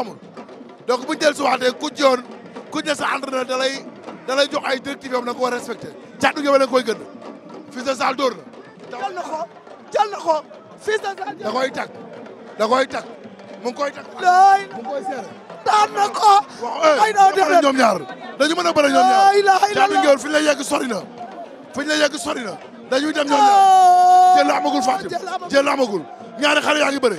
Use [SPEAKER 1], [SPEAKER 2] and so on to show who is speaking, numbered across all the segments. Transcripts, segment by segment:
[SPEAKER 1] amul donc buñ del si waxtee ku joon ku ne sa entraîneur da lay da lay jox ay directive yom na nga ko war a respecté càddu gi ba la koy gën Fils de Zal dóor na jël na ko jël na ko Fils de Zal da koy da koy tag mu ngi koy tag mu ngi koy seere daan na ko eh, ay daaw defal ñoom ñaar mën a bëre ñoom ñaar càddu ngeewul fi ñu lay yegg sori na fi ñu lay yegg sori na dañuy dem ñoom ñaar oh. jël amagul Fatim jël amagul ñaari xale yaa bëre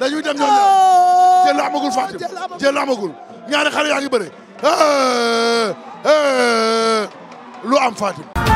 [SPEAKER 1] dañuy dem ñoom ñaar oh! jël amagul Fatim jël amagul ñaari xale yaa ngi bëre eh, eh. lu am Fatim